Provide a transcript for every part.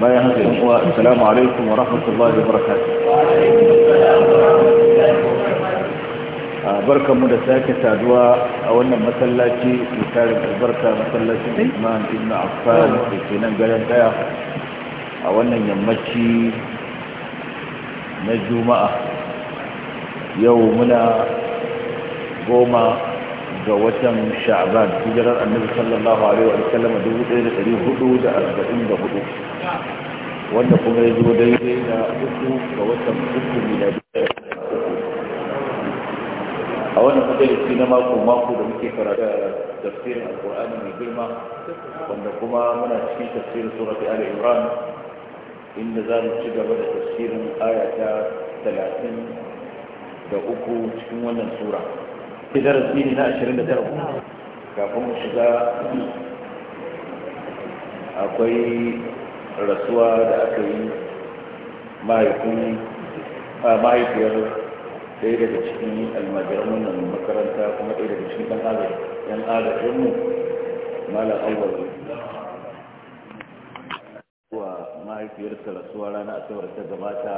bayan haka yin uwa assalamu alaikum wa rahmatullahi wa barakatuh barkanmu da sake saduwa a wannan masallaci tarin albarka masallacin Imam Ibn Affan da ke nan garin daya a wannan yammaci na Juma'a yau muna goma ga watan sha'ban hijirar annabi sallallahu alaihi wa sallam 1444 wanda kuma ya zo daidai da uku ga watan uku miladiyya a wannan majalisi na mako mako da muke karatu tafsirin alkur'ani mai girma wanda kuma muna cikin tafsirin surat ali imran inda za mu ci gaba da tafsirin aya ta 33 cikin wannan sura ke darasi ne na ashirin 29 kafin mu shiga akwai rasuwa da aka yi mahaifiyar ɗaya daga cikin almajiran wannan makaranta kuma ɗaya daga cikin ɗan agaji ɗan agajinmu malam awal wa mahaifiyarsa rasuwa rana asabar ta gabata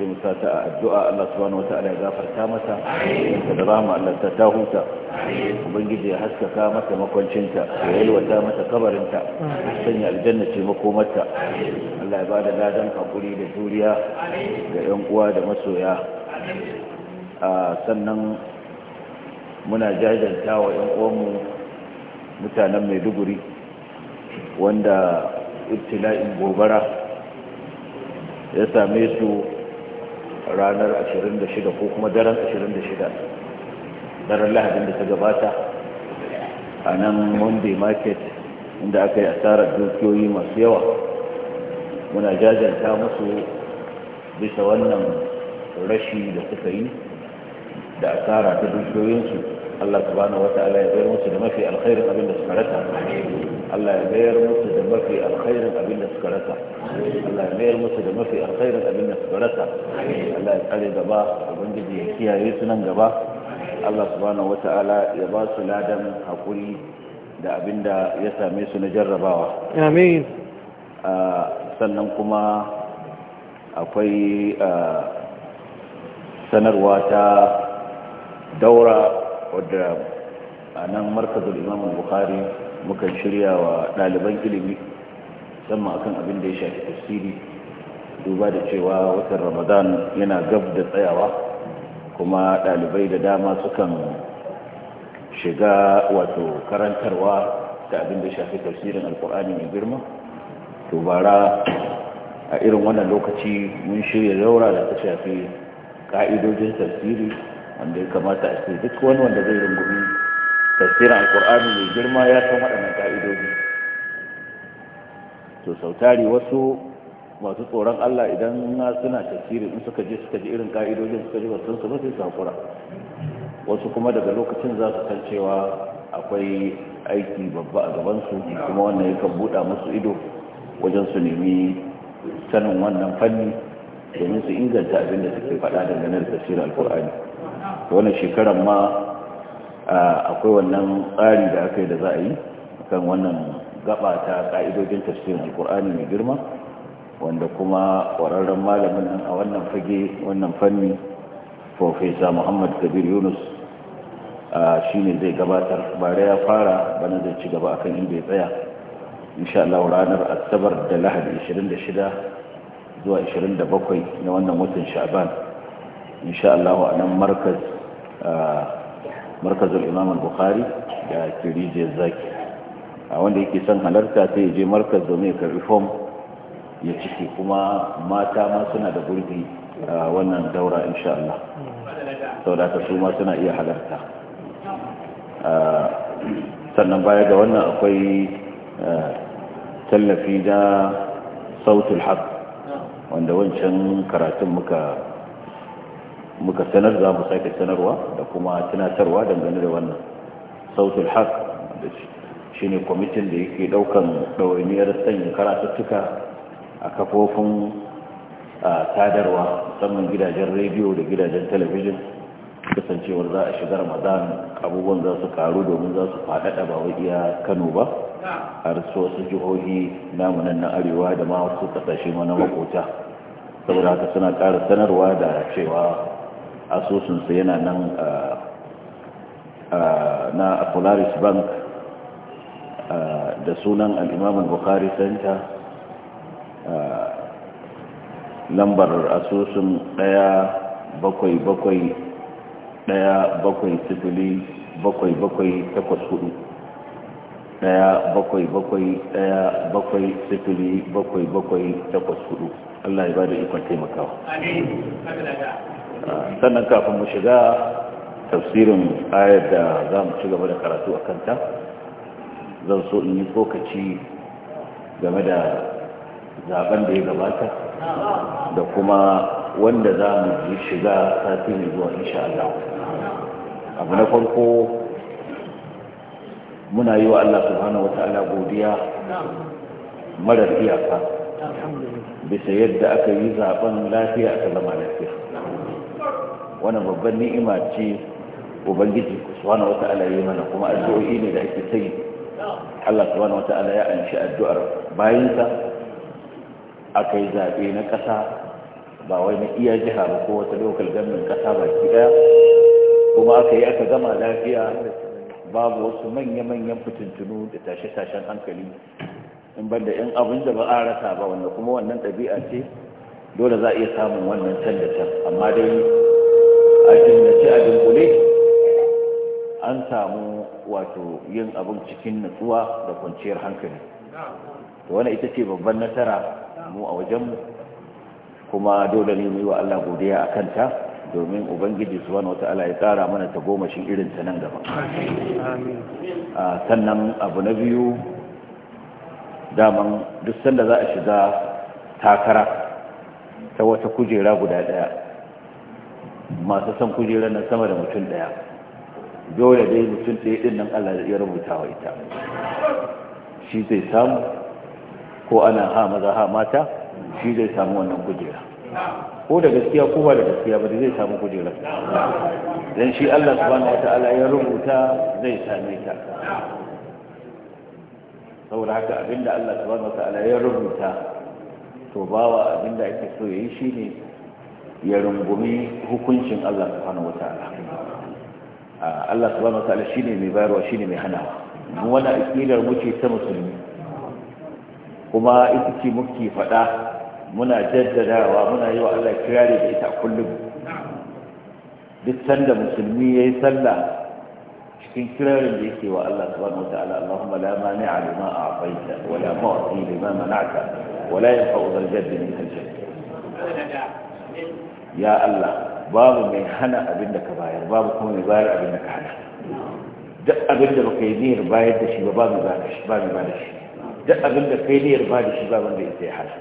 sai mu a addu'a Allah subhanahu wataala ya gafarta mata ta da rahama Allah ta ta huta ubangiji ya haskaka mata makwancinta ya yalwata mata kabarinta sanya aljanna ce makomarta Allah ya ba da ladan hakuri da juriya ga yan uwa da masoya sannan muna jajanta wa yan uwanmu mutanen Maiduguri wanda ibtila'in gobara ya same su ranar 26 ko kuma daren 26 daren lahadin da ta gabata a nan monday market inda aka yi asarar dukiyoyi masu yawa muna jajanta musu bisa wannan rashi da suka yi da asara ta dukiyoyinsu Allah subhanahu wata'ala ya bayar musu da mafi alkhairin abin da suka rasa Allah ya bayar musu da mafi alkhairin abin da suka rasa Allah ya bayar musu da mafi alkhairin abin da suka rasa Allah ya tsare gaba ubangiji ya kiyaye su nan gaba Allah subhanahu wata'ala ya ba su ladan hakuri da abin da ya same su na jarrabawa amin sannan kuma akwai sanarwa ta daura wadda a nan markazin imamun bukari mukan shirya wa ɗaliban ilimi musamman akan abin da ya shafi tafsiri duba da cewa watan ramadan yana gab da tsayawa kuma ɗalibai da dama sukan shiga wato karantarwa da abin da shafi tafsirin alkur'ani mai girma to bara a irin wannan lokaci mun shirya zaura da ta shafi ka'idojin tafsiri wanda ya kamata a ce duk wani wanda zai rungumi tafsirin alkur'ani mai girma ya san waɗannan kaidodi to sautari wasu masu tsoron Allah idan na suna tafsiri in suka je suka ji irin ka'idojin suka ji wasu su ba su hakura wasu kuma daga lokacin za su san cewa akwai aiki babba a gabansu kuma wannan kan buɗa musu ido wajen su nemi sanin wannan fanni domin su inganta abin da suke faɗa dangane da tafsirin alkur'ani wani shekarar ma akwai wannan tsari da aka yi da za a yi kan wannan gaba ta ka'idojin tafsirin alkur'ani mai girma wanda kuma ƙwararren malamin a wannan fage wannan fanni profesa muhammad kabir yunus shi ne zai gabatar bare ya fara bana zai ci gaba akan inda ya tsaya insha Allah ranar asabar da lahadi 26 zuwa 27 na wannan watan sha'ban insha Allah a nan markaz markazul imam al-bukhari da kirijiyar zaki a wanda yake son halarta sai ya je markaz domin ya karbi fom ya ciki kuma mata ma suna da gurbi a wannan daura insha Allah sau da su ma suna iya halarta sannan baya da wannan akwai tallafi da sautul haq wanda wancan karatun muka muka sanar za mu sake sanarwa da kuma tunatarwa dangane da wannan sautul haq da shi ne kwamitin da yake daukan ɗawainiyar sanya karatattuka a kafofin sadarwa musamman gidajen rediyo da gidajen talabijin kasancewar za a shiga ramadan abubuwan za su karu domin za su faɗaɗa ba wai iya kano ba har su wasu jihohi namunan na arewa da ma wasu kasashe mana makota saboda haka suna ƙara sanarwa da cewa asusunsa yana nan na polaris bank da sunan al'imamin bukari center lambar asusun daya bakwai bakwai daya bakwai sifili bakwai bakwai takwas hudu daya bakwai bakwai daya bakwai sifili bakwai bakwai takwas hudu allah ya ba da ikon taimakawa sannan kafin mu shiga tafsirin ayar da za mu ci gaba da karatu a kanta zan so in yi tsokaci game da zaben da ya gabata da kuma wanda za mu yi shiga sati mai zuwa insha Allah abu na farko muna yi wa Allah subhanahu wata'ala godiya marar iyaka bisa yadda aka yi zaben lafiya ta zama lafiya wannan babban ni'ima ce ubangiji subhanahu wata'ala ya mana kuma addu'o'i ne da ake sai Allah subhanahu wata'ala ya anshi addu'ar bayansa aka yi zaɓe na ƙasa ba wai na iya jiha ba ko wata lokal gamin ƙasa ba ki ɗaya kuma aka yi aka gama lafiya babu wasu manya-manyan fitintunu da tashe-tashen hankali in banda yan abin da ba a rasa ba wanda kuma wannan ɗabi'a ce dole za a iya samun wannan can da can amma dai a jinnace a dunkule an samu wato yin abin cikin nutsuwa da kwanciyar hankali wani ita ce babban nasara mu a wajenmu kuma dole ne mu yi wa Allah godiya a kanta domin ubangiji wata ala ya tsara mana ta goma shi irin ta nan gaba a sannan abu na biyu daman duk sanda za a shiga takara ta wata kujera guda daya masu son kujerar nan sama da mutum daya, dole dai mutum ɗaya ɗin nan Allah ya rubuta wa ita shi zai samu ko ana ha maza ha mata shi zai samu wannan kujera ko da gaskiya ko ba da gaskiya ba zai samu kujerar dan shi Allah subhanahu wataala ya rubuta zai same ta saboda haka abinda Allah subhanahu wataala ya rubuta to bawa abinda ake so yayi shine ya rungumi hukuncin Allah subhanahu wataala Allah subhanahu wataala shine mai bayarwa shine mai hana, mu wani aqidar mu ta musulmi kuma ita ce muke faɗa muna jaddadawa muna yi wa Allah kirari da ita kullum duk sanda musulmi yayi sallah cikin kirarin da yake wa Allah subhanahu wataala Allahumma la mani'a lima a'taita wa la mu'ti lima mana'ta wa la yanfa'u dhal jaddi minka al-jadd ya Allah babu mai hana abin da ka bayar babu kuma mai bayar abin da ka hana duk abin da baka yi niyyar bayar da shi ba babu mai ba da shi duk abin da kai niyyar ba da shi ba wanda ya sai hana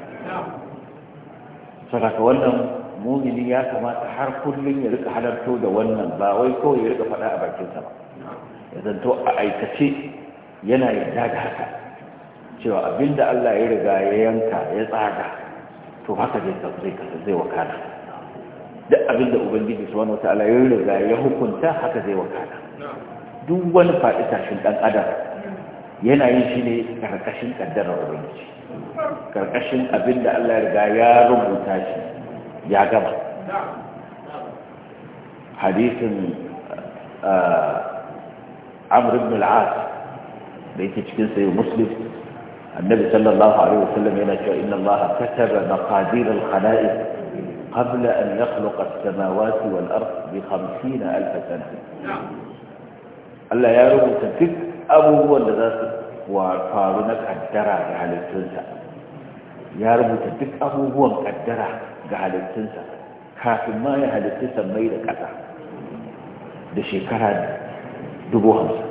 saboda wannan mumini ya kamata har kullum ya rika halarto da wannan ba wai kawai ya rika faɗa a bakinsa ba ya zanto a aikace yana yarda da haka cewa abinda Allah ya riga ya yanka ya tsada, to haka zai zai wakana duk abin da ubangiji subhanahu wataala ya riga ya hukunta haka zai wakana duk wani faɗi tashin ɗan adam yana yin shi ne karkashin ƙaddarar ubangiji karkashin abin da Allah ya riga ya rubuta shi ya gama hadisin amr ibn al-as da yake cikin sayi muslim annabi sallallahu alaihi wasallam yana cewa inna allaha kataba maqadir al-khalaiq قبل أن يخلق السماوات والأرض بخمسين ألف سنة الله يارب تكت أبو هو الذي وقالنا قدرة على التنسى يارب تكت أبو هو قدرة على التنسى كافي ما يهد التنسى ميلة كذا دشي كرد دبو خمسة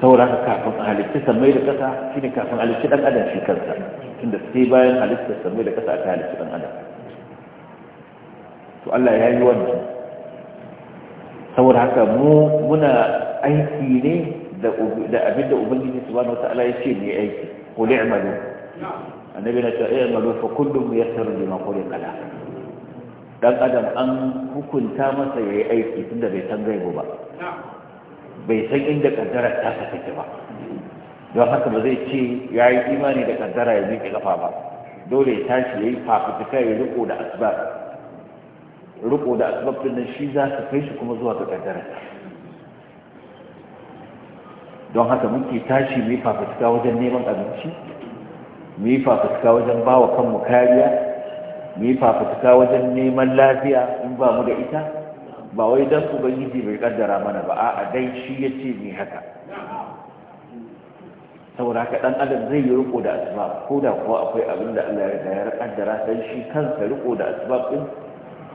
saboda haka kafin a halitta da kasa shine kafin halitta dan adam shi kansa inda sai bayan halitta samai da kasa ta halitta dan adam to Allah ya yi wannan saboda haka mu muna aiki ne da abin da ubangiji subhanahu wataala ya ce ne aiki, aiki qul i'malu annabi na ce i'malu fa kullum yassar lima khuliqa kala dan adam an hukunta masa ya yi aiki tunda bai san gaibu ba bai san inda kaddarar ta sa ba don haka ba zai ce ya yi imani da kaddara ya miƙe kafa ba dole ya tashi ya yi fafutuka ya riko da asbab riko da asbab din nan shi za su kai shi kuma zuwa ga kaddara don haka muke tashi mu yi fafutuka wajen neman abinci mu yi fafutuka wajen ba wa kanmu kariya mu yi fafutuka wajen neman lafiya in ba mu da ita ba wai don su bai kaddara mana ba a'a dai shi ya ce mai haka saboda haka dan adam zai yi riko da asbab ko da kuwa akwai abin da Allah ya gayar kaddara don shi kansa riko da asbab din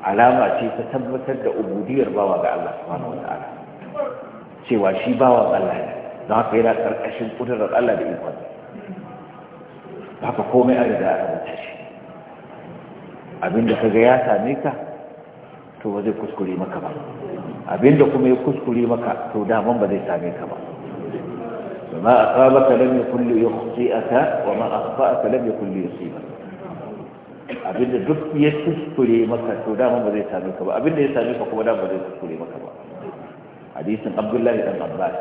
alama ce ta tabbatar da ubudiyar bawa ga Allah subhanahu wataala cewa shi bawa Allah ne don haka yana karkashin kudurar Allah da ikon haka komai a riga an rubuta abin da kaga ya same ka to ba zai kuskure maka ba abinda kuma ya kuskure maka to daman ba zai same ka ba ma asabaka lam yakun li yukhti'aka wa ma akhta'aka lam yakun li yusibaka abinda duk ya kuskure maka to daman ba zai same ka ba abinda ya same ka kuma daman ba zai kuskure maka ba hadisin abdullahi dan abbas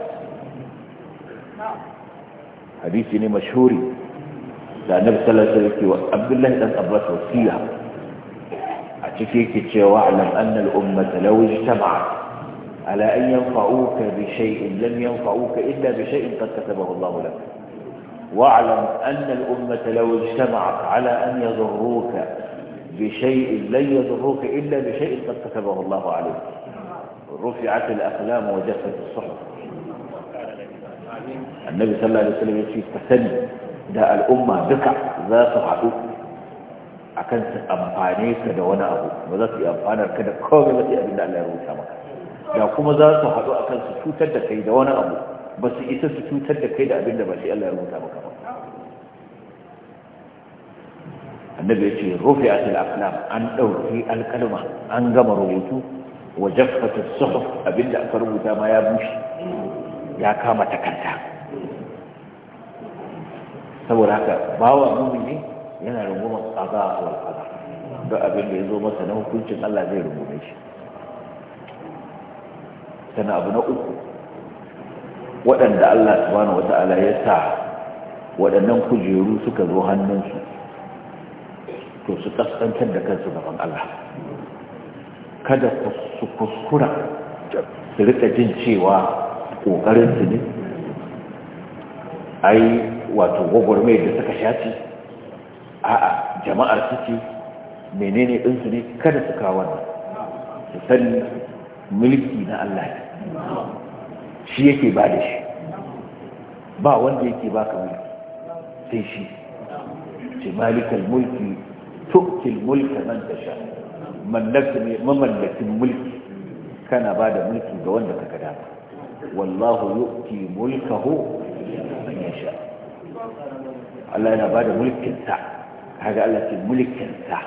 hadisi ne mashhuri da annabi sallallahu alaihi wasallam wa abdullahi dan abbas wasiya تكيك واعلم أن الأمة لو اجتمعت على أن ينفعوك بشيء لم ينفعوك إلا بشيء قد كتبه الله لك واعلم أن الأمة لو اجتمعت على أن يضروك بشيء لن يضروك إلا بشيء قد كتبه الله عليك رفعت الأقلام وجفت الصحف النبي صلى الله عليه وسلم يقول فسن ده الأمة بكع ذا عدو akan su amfane ka da wani abu ba za su yi amfanar ka da kawai ba sai abin da Allah ya rubuta maka da kuma za su haɗu akan su cutar da kai da wani abu ba su isa su cutar da kai da abin da ba sai Allah ya rubuta maka ba annabi ya ce rufi atil aqlam an ɗauki alkalma an gama rubutu wa jaffata suhuf da aka rubuta ma ya bushe ya kama takarda saboda haka bawa mumin ne yana rungumar tsada a qada don abin da ya zo masa na hukuncin Allah zai rungume shi sana abu na uku waɗanda Allah subhanahu wata'ala ya sa waɗannan kujeru suka zo hannunsu to su kaskantar da kansu gaban Allah kada su kuskura su rika jin cewa ƙoƙarinsu ne ai wato gwagwarmai da suka shaci a'a jama'ar su ce menene ɗinsu ne kada su kawo wannan su sani mulki na Allah ne shi yake ba da shi ba wanda yake ba ka mulki sai shi ce malikal mulki tuktil mulka man tasha mamallakin mulki kana ba da mulki ga wanda ka gada wallahu yu'ti mulkahu man yasha Allah yana ba da mulkin ta. kaga Allah ce mulkin sa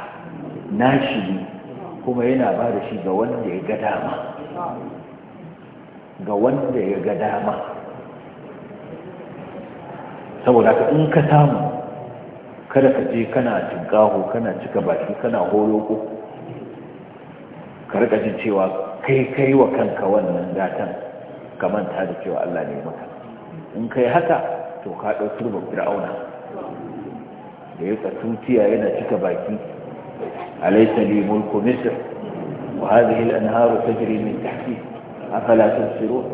nashi ne kuma yana ba da shi ga wanda ya ga dama ga wanda ya ga dama saboda ka in ka samu kada ka je kana tinkaho kana cika baki kana holoko ka rika jin cewa kai kai wa kanka wannan datan. ka manta da cewa Allah ne maka in kai haka to ka ɗauki turban fir'auna da ya tutiya yana cika baki alaysa wa'azi mulku misr wa hadhihi al-anharu tajri min tahti afala tusirun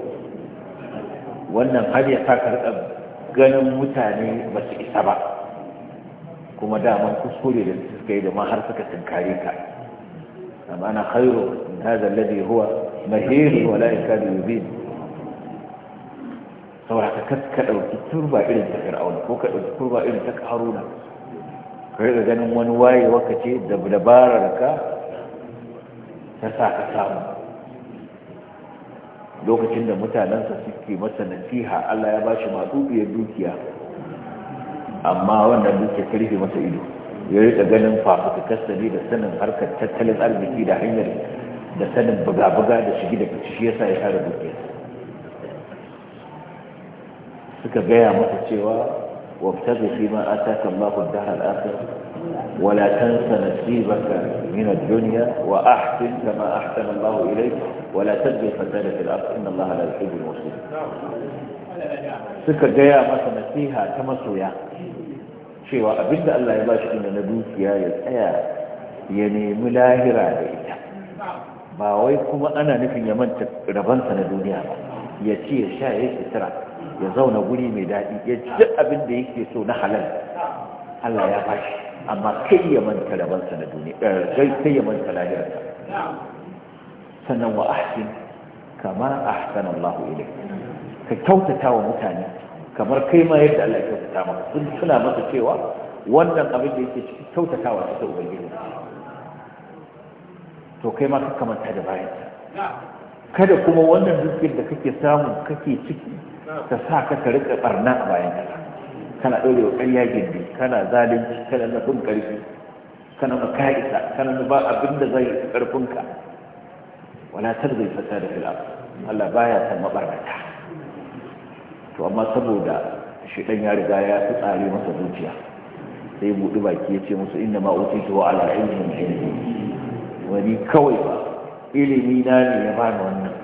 wannan har ya saka rika ganin mutane ba su isa ba kuma daman kuskure da suka yi da ma har suka tunkare ka amma na khairu min hadha alladhi huwa mahir wa la yakadu yubin saboda ka ɗauki turba irin ta fir'auna ko ka ɗauki turba irin ta haruna ka ganin wani waye ka ce da dabarar ka ta sa ka samu lokacin da mutanensa suke masa nasiha Allah ya bashi matsubiyar dukiya amma wannan dukiya ta rufe masa ido ya rika ganin fafutukasta ne da sanin harkar tattalin arziki da hanyar da sanin buga-buga da shigi da fice shi yasa ya tara dukiya suka gaya masa cewa وابتغ فيما اتاك الله الدار الاخره ولا تنس نصيبك من الدنيا واحسن كما احسن الله اليك ولا تبذل فزاده الارض ان الله لا يحب المسلمين. سكر جاية ما سنسيها كما سويا شيء وابد الله يباش ان نبوك يا يسعيا يعني ملاهرة لإيتا ما ويكما أنا نفي يمن تربنسنا دنيا يتي الشاي ترى ya zauna guri mai daɗi ya ci abin da yake so na halal Allah ya bashi amma kai ya manta rabansa na duniya eh, kai ya manta lahirarsa sannan wa ahsin kama ahsana Allah ilayk ka kyautata wa mutane kamar kai ma yadda Allah ya kyautata maka sun suna masa cewa wannan abin da yake cikin kyautata wa ta ubangiji to kai ma ka kamanta da bayan kada kuma wannan zikirin da kake samu kake ciki Ka sa ka ka rika barna a bayan kasa kana ɗaure wa ƙarya gindi kana zalunci kana na bin karfi kana na ka'isa kana na ba abin da zai ƙarfinka wala tar zai fata da fil'af Allah baya san mabarnata to amma saboda shi ɗan ya riga ya fi tsare masa zuciya sai buɗi baki ya ce musu inda ma utitu wa ala ilmin wani kawai ba ilimi na ne ya bani wannan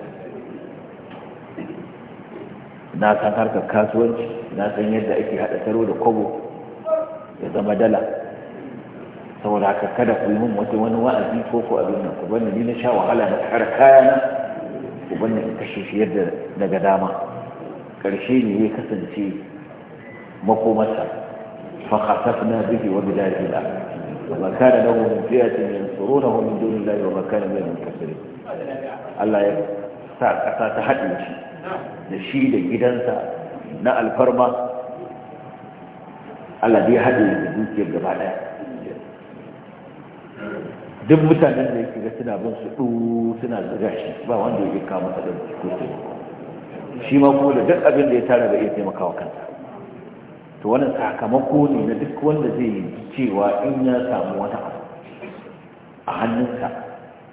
na san harkar kasuwanci na san yadda ake haɗa taro da kwabo ya zama dala saboda haka kada ku yi min wata wani wa'azi ko ko abin nan ku bani ni na sha wahala na kara kayana ku bani in kashe shi yadda daga dama ƙarshe ne ya kasance makomarsa fa khasafna bihi wa biladihi وما كان له من فئة ينصرونه من دون الله وما كان من المنتصرين الله يسعد أساس حد شيء da shi da gidansa na alfarma Allah ya haɗe da dukiyar gaba ɗaya duk mutanen da yake ga suna bin su ɗu suna zaga shi ba wanda ya kama masa ɗan ko shi ma kuma da duk abin da ya tara da iya taimakawa kansa to wannan sakamako ne na duk wanda zai yi cewa in ya samu wata abu a hannunsa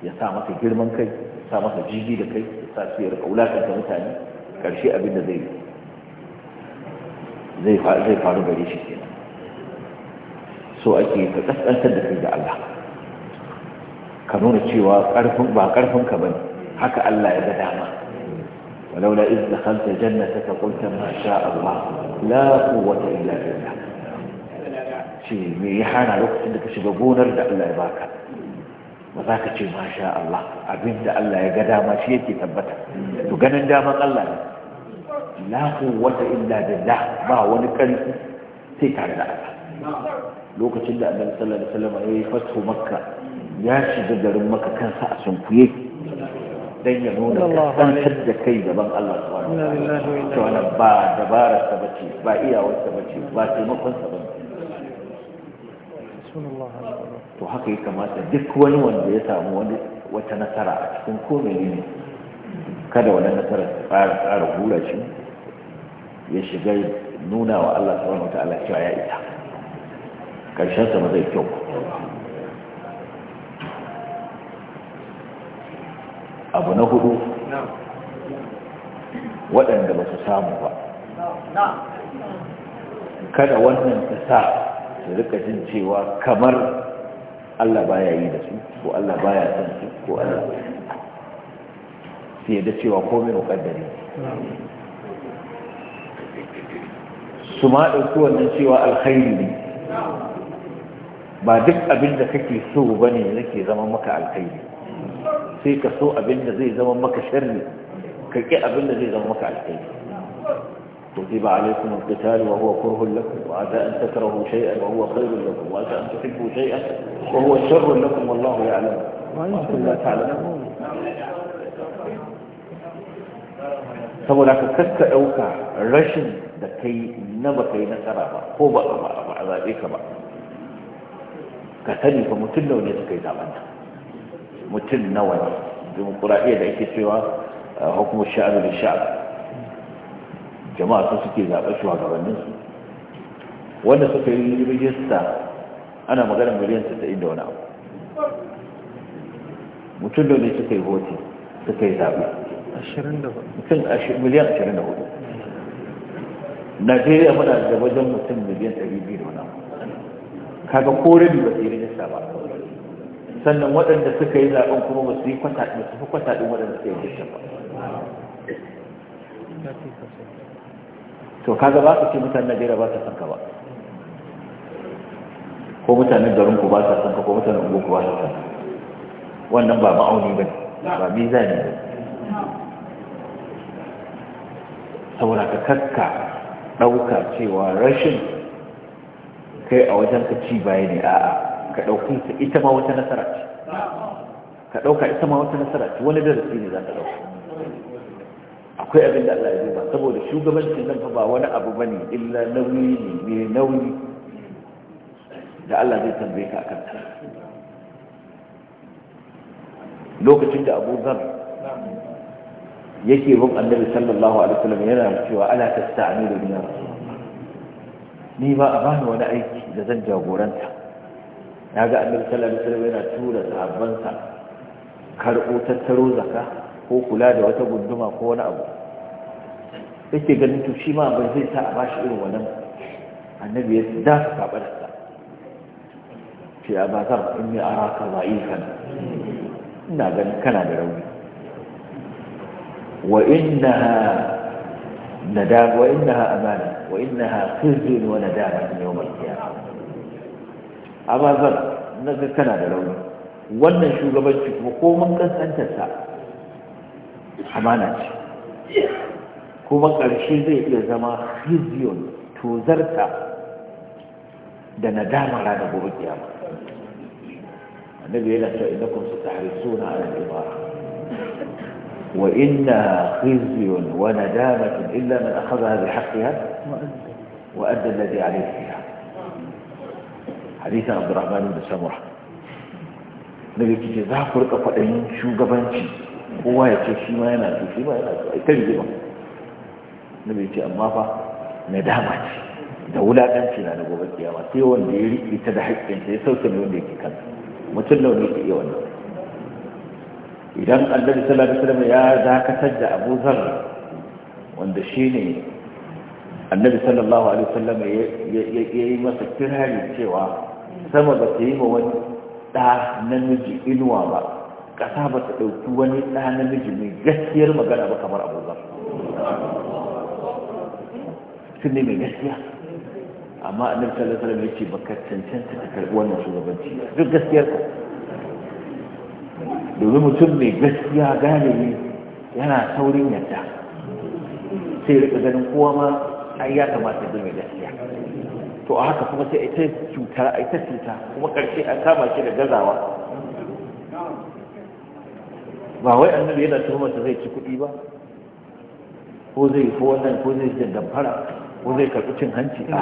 ya sa masa girman kai ya sa masa jiji da kai sa su yi mutane ƙarshe abin da zai zai faru gare shi kenan so ake ka ƙasƙantar da kai da Allah ka nuna cewa ƙarfin ba ƙarfin ka bane haka Allah ya ga dama walaula iz dakhalta ka qulta ma sha Allah la quwwata illa billah ce me ya hana lokacin da ka shiga gonar da Allah ya baka ba za ka ce masha Allah abinda Allah ya ga dama shi yake tabbata to ganin damar Allah ne la quwwata illa billah ba wani karfi sai tare da Allah lokacin da Annabi sallallahu alaihi wasallam ya yi fatu Makka ya shiga garin Makka kansa a sunkuye dan ya nuna kantar da kai gaban Allah subhanahu wa ta'ala to ba dabarar sa bace ba iyawar sa bace ba taimakon sa bace to haka ya kamata duk wani wanda ya samu wata nasara a cikin komai ne kada wani nasara ta fara tsara hura shi ya shiga nuna wa Allah subhanahu wa ta'ala cewa ya ita karshen sa ba zai kyau abu na hudu waɗanda ba su samu ba kada wannan ta sa su rika jin cewa kamar Allah baya yi da su ko Allah baya san su ko Allah sai da cewa komai muƙaddari su ma ɗauki wannan cewa alkhairi ne ba duk abin da kake so ba ne yake zama maka alkhairi sai ka so abin da zai zama maka sharri ka ƙi abin da zai zama maka alkhairi كتب عليكم القتال وهو كره لكم وعسى أن تكرهوا شيئا وهو خير لكم وعسى أن تحبوا شيئا وهو شر لكم والله يعلم وكل لا تعلمون سبو لك كتك أوكا رشن دكي نبكي نسرى فوبا أما أما أما إيكا ما كتني فمتن نوني دكي دامن متن نوني دمقرائية دكي سوى آه، حكم الشعب للشعب jama'a su suke zaɓe shugabannin su wanda suka yi rijista ana magana miliyan 90 da wani abu mutum da ne suka yi voti suka yi zaɓe mutum miliyan 24 najeriya muna da wajen mutum miliyan 200 da wani abu kaga korin ba su yi rijista ba sannan waɗanda suka yi zaɓen kuma ba su yi kwataɗin waɗanda suka yi rijista ba to kaga ba su ce mutanen Najeriya ba ta san ka ba ko mutanen da rinku ba ta san ka ko mutanen da ku ba ta san wannan ba ma'auni ba ba mizani ba saboda ka kakka ɗauka cewa rashin kai a wajen ka ci baya ne a'a ka ɗauki ita ma wata nasara ce ka ɗauka ita ma wata nasara ce wani darasi ne za ka ɗauka akwai abin da Allah ya duba saboda shugabancin nan fa ba wani abu bane illa nauyi ne mai nauyi da Allah zai tambaye ka akan ta lokacin da Abu Zar yake bin Annabi sallallahu alaihi wasallam yana cewa ana tasta'inu bi ni ba a bani wani aiki da zan jagoranta na ga Annabi sallallahu alaihi wasallam yana tura sahabbansa karɓo tattaro zakka ko kula da wata gunduma ko wani abu yake ganin to shi ma ba zai sa a bashi irin wannan annabi ya da ka bada ta sa ce a bazar in yi ara ka za'ifan ina ganin kana da rauni wa inna nadama wa innaha amana wa innaha khizun wa nadama yawm al-qiyamah abazar naga kana da rauni wannan shugabanci kuma ko mun kankantar sa amana ce kuma ƙarshe zai iya zama hiziyon tozarta da nadama da gobe kiyama annabi yana cewa innakum sataharisuna ala al-ibara wa inna khizyun wa nadamatun illa man akhadha bi haqqiha wa adda alladhi alayhi fiha hadithan abdurrahman bin samurah nabi kike za ku rika faɗin shugabanci kowa ya ce shi ma yana so shi ma yana so ai ta rigima nabi ce amma fa dama ce da wulaƙanci na da gobe kiyama sai wanda ya riƙe ta da haƙƙinsa ya sauke ne wanda yake kanta. mutum launi ke iya wannan idan annabi sallallahu alaihi wasallam ya dakatar da Abu Zar wanda shine annabi sallallahu alaihi wasallam ya yi masa kirari cewa sama ba ta yi wa wani ɗa namiji inuwa ba ƙasa ba ta ɗauki wani ɗa miji mai gaskiyar magana ba kamar abubuwa sun ne mai gaskiya amma a nan alaihi baka cancanta ta karɓi wannan shugabanci duk gaskiyar ka domin mutum mai gaskiya galibi yana saurin yadda sai rika ganin kowa ma ai ya kamata ya mai gaskiya to a haka kuma sai ita cuta ita cuta kuma karshe an kama shi da gazawa ba wai annabi yana tuhumar zai ci kuɗi ba ko zai ko wannan ko zai jin damfara ko zai karɓi cin hanci a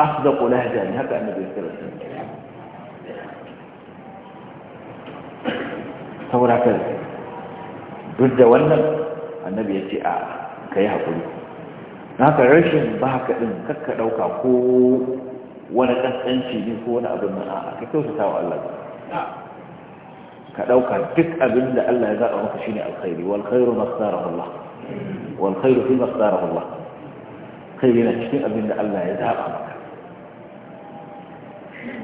asdaqu ya ne haka annabi ya karanta saboda kan duk da wannan annabi ya ce a haƙuri hakuri haka rashin baka ɗin kakka ɗauka ko wani kasance ne ko wani abin nan a ka kyautata wa Allah ka ɗauka duk abin da Allah ya zaɓa maka shine alkhairi wal khairu mastarahu Allah wal khairu fi mastarahu Allah kai yana cikin abin da Allah ya zaɓa maka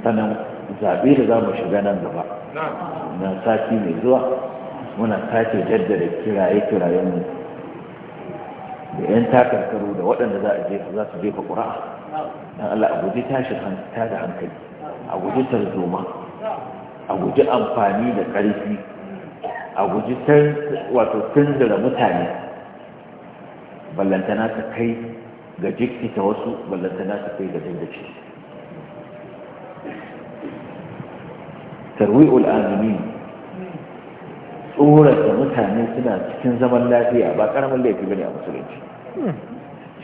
sannan zaɓe da za mu shiga nan gaba na sati mai zuwa muna sake jaddada kiraye-kirayenmu da 'yan takarkaru da waɗanda za a jefa za su jefa ƙura'a don Allah a guji tashin hankali a guji tarzoma a guji amfani da ƙarfi a guji wato tunzura mutane ballantana ta kai ga jikita wasu ballantana ta kai ga dangace tarwi'ul amini tsorata mutane suna cikin zaman lafiya ba ƙaramin laifi ne a musulunci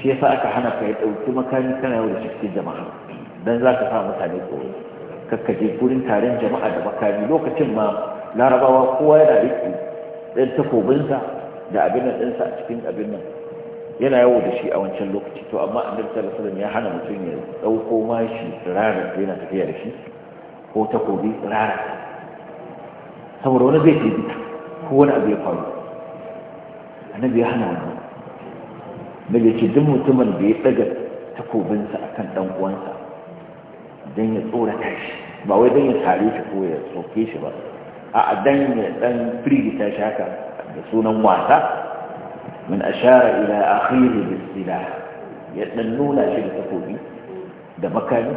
shi yasa aka hana ka ya ɗauki makami kana yau da cikin jama'a don za ka sa mutane tsoro kakkaje gurin taron jama'a da makami lokacin ma larabawa kowa yana riƙe ɗan takobinsa da abin nan ɗinsa a cikin abin nan yana yawo da shi a wancan lokaci to amma annabi sallallahu alaihi wasallam ya hana mutum ya ɗauko mashi tsirarar da yana tafiya da shi ko takobi tsirarar saboda wani zai tebita ko wani abu ya faru annabi ya hana wannan ya ce duk mutumin da ya ɗaga takobinsa akan ɗan uwansa don ya tsorata shi ba wai don ya tare shi ko ya tsoke shi ba a dan ya dan firgita shaka da sunan wasa min ashara ila akhihi bis silah ya dan nuna shi da takobi da makami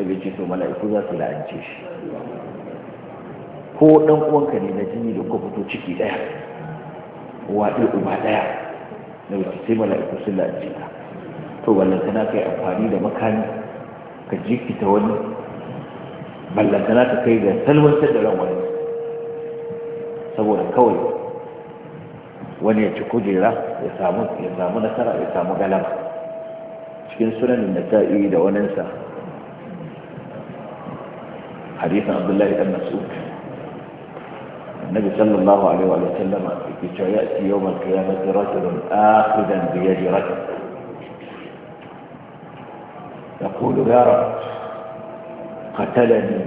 daga ce to mala'iku za su la'ance shi ko dan uwanka ne na jini da kuka fito ciki daya uwa ɗaya uba daya da wace sai mala'iku sun la'ance ka to wallan kana kai amfani da makami ka jikita wani ballantana ta kai ga salwantar da ran wani saboda kawai wani ya ci kujera ya samu ya samu nasara ya samu galaba cikin sunan nasa'i da waninsa hadisin abdullahi dan mas'ud النبي صلى الله عليه وسلم يأتي يوم القيامة رجل آخذا بيد رجل يقول يا رب قتلني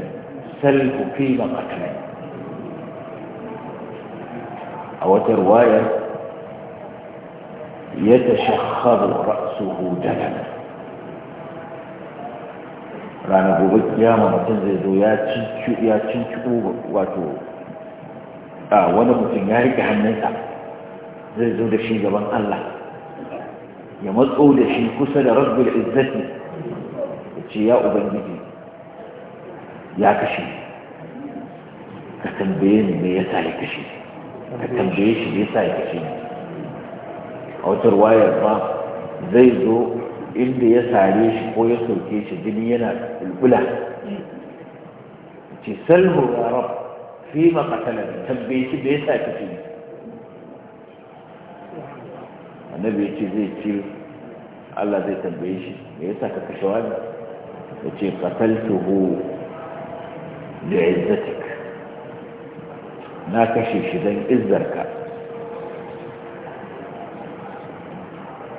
سلب فيما قتلني أو ترواية يتشخر رأسه جلما رانا بوغت ياما متنزل دو يا تنشو يا تنشو واتو آه وانا متنعيك عن نسا زيزو دشي جبان الله يمضعو دشي كسر رب العزة يا أبنجي لا كشي كتنبيه مية ساي كشي كتنبيه مية ساي كشي أو ترواية ما زيزو إلي يساليش قو يصل كيش دنينا الأولى تسلم يا رب فيما قتلني تنبيه مية ساي كشي النبي تزي تي الله زي تنبيه مية ساي كشي قتلته da izzatik na kashe shi don izzarka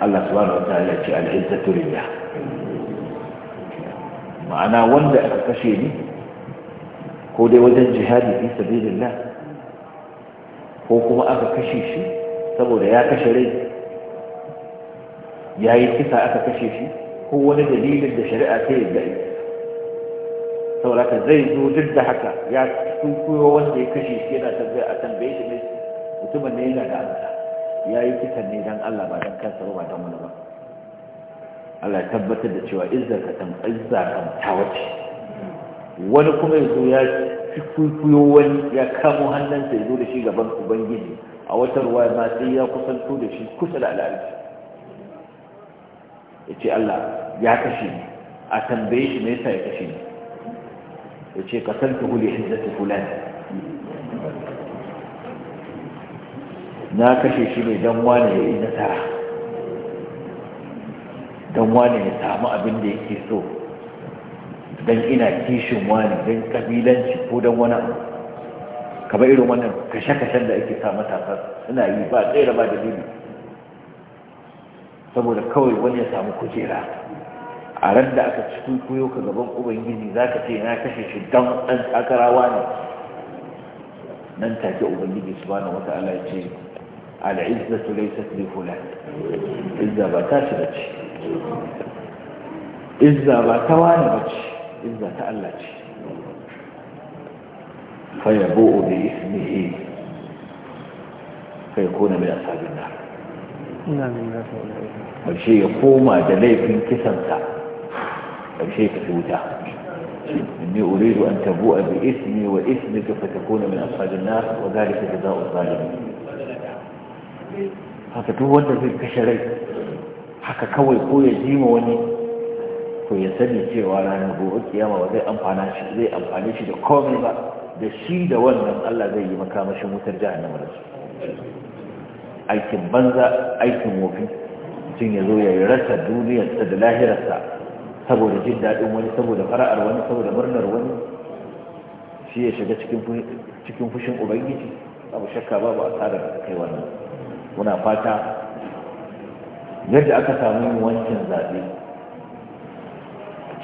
Allah subhanahu wa ce al'izzatu lillah ma'ana wanda aka kashe ni ko dai wajen jihadi fi sabilillah ko kuma aka kashe shi saboda ya kashe rai yayi kisa aka kashe shi ko wani dalilin da shari'a ta saboda zai zo duk da haka ya tukuyo wanda ya kashe shi yana tambaya a tambaye shi ne mutumin ne yana da amsa ya yi kitan ne don Allah ba don kansa ba don wani ba Allah tabbatar da cewa izza ka tan izza ta wace. wani kuma ya zo ya tukuyo wani ya kamo hannunsa ya zo da shi gaban ubangiji a watan ruwa ma sai ya kusanto da shi kusa da al'arfi ya ce Allah ya kashe ni a tambaye shi me yasa ya kashe ni ya ce katantuhu li izzati fulan na kashe shi ne don wane ya yi nasara don wane ya samu abin da yake so don ina kishin wani don kabilanci ko don wani abu kamar irin wannan kashe-kashen da ake samu matasa suna yi ba tsere ba dalili saboda kawai wani ya samu kujera a ran da aka ci kuyo ka gaban ubangiji za ka ce na kashe shi don ɗan takarawa ne nan take ubangiji su bani wata ala ce al'izzatu laysat li fulan izza ba ta shi bace izza ba ta wani bace izza ta Allah ce fa yabu bi ismihi fa yakuna min ashabin nar ina min rasul Allah shi ya koma da laifin kisansa ƙarshe ka fi wuta inni uridu an tabu a bi ismi wa ismi ka fata kone min asfalin na wa zalika da a zalimi haka duk wanda zai kashe rai haka kawai ko ya jima wani Ko ya sani cewa ranar gobe kiyama ba zai amfana shi zai shi da komai ba da shi da wannan Allah zai yi makamashin wutar jahannama da su aikin banza aikin wofi mutum ya zo ya rasa duniyarsa da lahirarsa saboda jin daɗin wani saboda fara'ar wani saboda murnar wani shi ya shiga cikin fushin ubangiji abu shakka babu asarar kai wannan muna fata yadda aka samu yin wancan zaɓe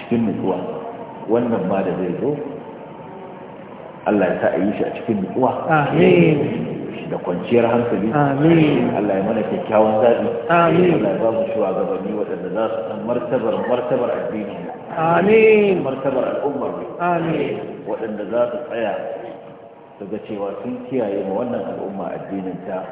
cikin nutsuwa wannan ma da zai zo Allah ya sa a yi shi a cikin nutsuwa da kwanciyar hankali amin Allah ya mana kyakkyawan zabi amin Allah ya ba mu shugabanni waɗanda za su san martabar martabar addini amin martabar al'ummar amin waɗanda za su tsaya daga cewa sun kiyaye ma wannan al'umma addinin ta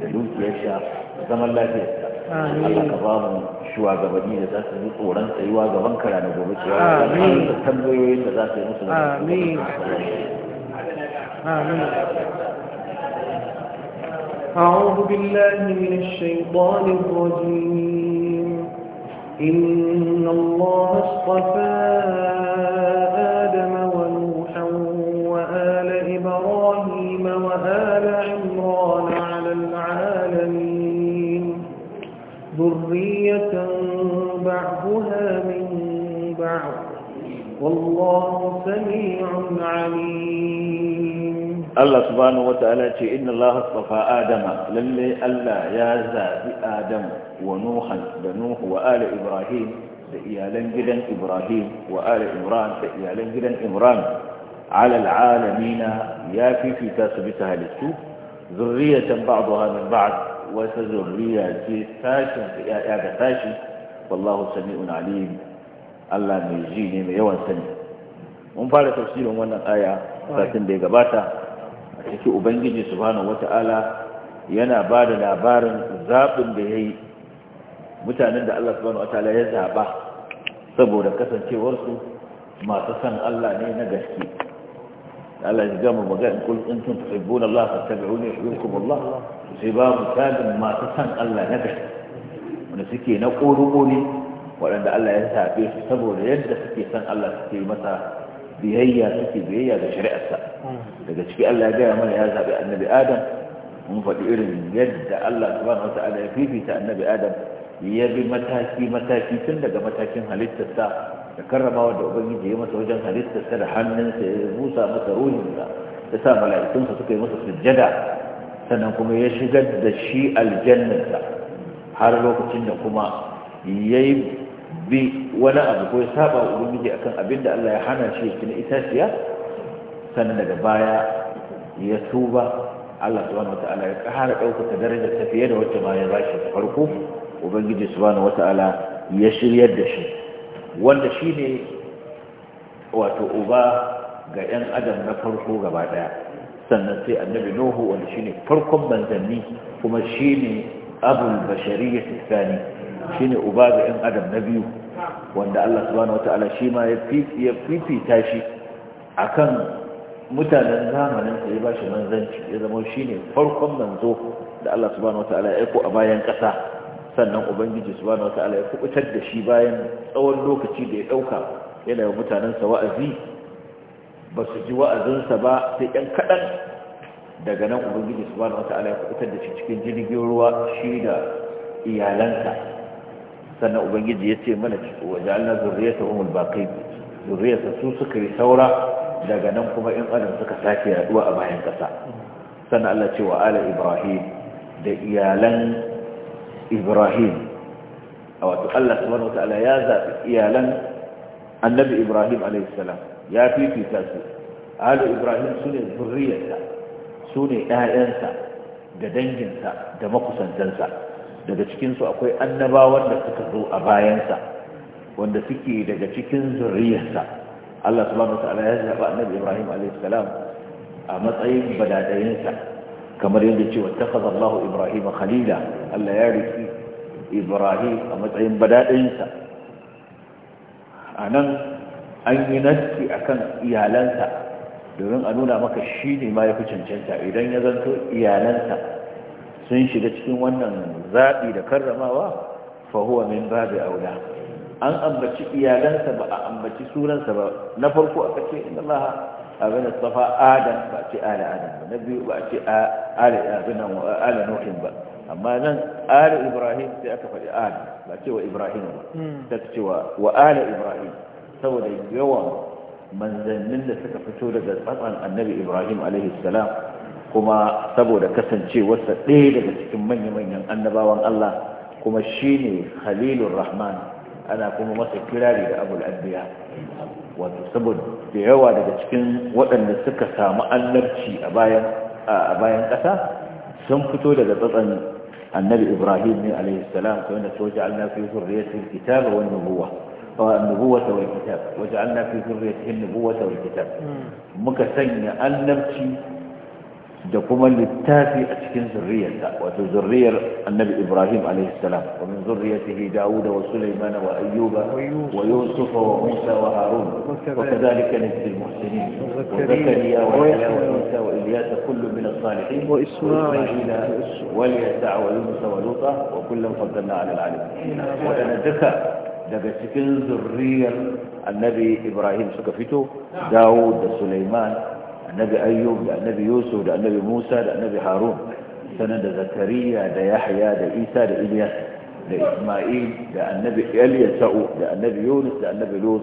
da dukiyar sha da zaman lafiyar ta Allah ka ba mu shugabanni da za su yi tsoron tsayuwa gaban kara da gobe cewa amin da tambayoyin da za su yi musu da amin amin أعوذ بالله من الشيطان الرجيم إن الله اصطفى آدم ونوحا وآل إبراهيم وآل عمران على العالمين ذرية بعضها من بعض والله سميع عليم Allah subhanahu wata'ala ce inna Allah astafa Adama lalle Allah ya zabi Adam wa Nuhan da Nuhu wa ali Ibrahim da iyalan gidan Ibrahim wa ali Imran da iyalan gidan Imran ala alalamina ya fifita su bisa halittu zurriyatan ba'daha min ba'd wata zuriya ce tashin yaya da tashi wallahu sami'un alim Allah mai ji ne mai yawan sani mun fara tafsirin wannan aya satin da ya gabata yake ubangiji subhanahu wata'ala yana ba da labarin zaɓin da ya yi mutanen da Allah subhanahu wata'ala ya zaɓa saboda kasancewarsu masu san Allah ne na gaske Allah ya gama magana kul in tun tuhibbun Allah fattabi'uni yuhibbukum Allah sai ba misalin masu san Allah na gaske wanda suke na ƙori-ƙori waɗanda Allah ya zaɓe su saboda yadda suke san Allah suke masa biyayya take biyayya ga shari'arsa daga ciki Allah ya gaya mana ya zaɓi annabi adam mun faɗi irin yadda Allah subhanahu wata'ala ya fifita annabi adam ya bi mataki mataki tun daga matakin halittarsa da karramawa da ubangiji ya masa wajen halittarsa da hannunsa ya busa masa ruhinsa ya sa mala'ikunsa suka yi masa sujjada sannan kuma ya shigar da shi aljannarsa har lokacin da kuma ya yi bi wani abu ko ya saba wa ubangiji akan abin da Allah ya hana shi ya na itaciya sannan daga baya ya tuba Allah subhanahu wata'ala ya kara ɗaukaka darajar ta fiye da wacce bayan ba shi farko ubangiji subhanahu wata'ala ya shiryar da shi wanda shi ne wato uba ga 'yan adam na farko gaba daya. sannan sai annabi nuhu wanda shine farkon manzanni kuma shine ne abul bashariyyar sani shine uba ga yan adam na biyu wanda Allah subhanahu wataala shi ma ya fifita shi kan mutanen zamanin da ya ba shi manzanci ya zama shine farkon manzo da Allah subhanahu wataala ya aiko a bayan ƙasa sannan ubangiji subhanahu wataala ya kubutar da shi bayan tsawon lokaci da ya ɗauka yana yi mutanen wa'azi ba su ji wa'azinsa ba sai ɗan kaɗan daga nan ubangiji subhanahu wataala ya kubutar da shi cikin jirgin ruwa shi da iyalansa sannan ubangiji ya ce mana wa ja'alna zurriyata umul baqin zurriyata su suka yi saura daga nan kuma in adam suka sake yaduwa a bayan kasa sannan Allah ce wa ala ibrahim da iyalan ibrahim a wato Allah wani wataala ya zaɓi iyalan annabi ibrahim alayhi salam ya fifita su ala ibrahim su ne zurriyarsa su ne ƴaƴansa da danginsa da makusantansa daga cikinsu akwai annabawan da suka zo a bayansa wanda suke daga cikin zuriyarsa Allah subhanahu wataala ya zaba annabi Ibrahim alayhi salam a matsayin badadayinsa kamar yadda cewa takaza Allah Ibrahim khalila Allah ya riki Ibrahim a matsayin badadayinsa anan an yi nasi akan iyalansa domin a nuna maka shine ne ma ya fi cancanta idan ya zanto iyalansa sun shiga cikin wannan zaɓi da karramawa fahuwa min babu aula an ambaci iyalansa ba a ambaci sunansa ba na farko a ce inna allaha abin safa adam ba ce ala adam ba na biyu ba a ce ala nuhin ba amma nan ala ibrahim sai aka faɗi ala ba ce wa ibrahim ba ta hmm. ce wa ala ibrahim saboda yawan manzannin da suka fito daga tsatsan annabi ibrahim alaihi salam kuma saboda kasancewarsa ɗaya daga cikin manya-manyan annabawan Allah kuma shi ne halilun rahman ana kuma masa kirari da abul anbiya wato saboda da yawa daga cikin waɗanda suka samu annabci a bayan ƙasa sun fito daga tsatsan annabi ibrahim ne alaihissalam ta wanda ta waje an nafi zurriyatin ga wani nubuwa nubuwa ta wani kitab waje an nafi zurriyatin nubuwa ta wani kitab hmm. muka sanya annabci da kuma littafi a cikin zurriyarsa wato zurriyar annabi ibrahim salam wa min zurriyatihi dawuda wa sulaiman wa ayyuba wa yusuf wa musa wa harun wa kadhalika najzi muhsinin wa zakariya wa yahya wa isa wa ilyas kullu min as salihin wa isma'il wa yasa wa yunus wa luta wa kullu faddalna ala al alamin wa daka daga cikin zurriyar annabi ibrahim suka fito dawud da sulaiman annabi ayyub da annabi yusuf da annabi musa da annabi harun sanar da zakariya da yahya da isa da ilyas da isma'il da annabi sa'u da annabi yunus da annabi lut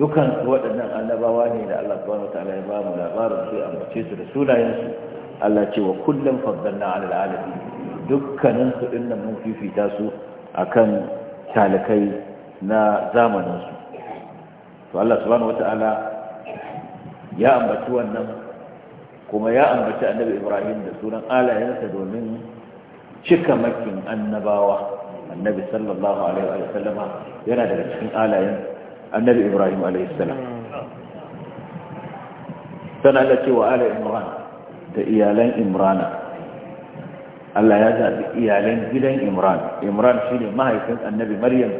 dukan waɗannan annabawa ne da allah subhanahu wa ta'ala ya ba mu labarin su ambace su da sunayensu allah ce wa kullum faddalna ala alamin dukkanin su dinnan mun fifita su akan talakai na zamaninsu. to allah subhanahu wa ta'ala ya ambaci wannan kuma ya ambaci annabi ibrahim da sunan alayensa domin cika makin annabawa annabi sallallahu alaihi wa sallama yana daga cikin alayen annabi ibrahim alaihi salam sana da cewa ala imran da iyalan imrana Allah ya zaɓi iyalan gidan imran imran ne mahaifin annabi maryam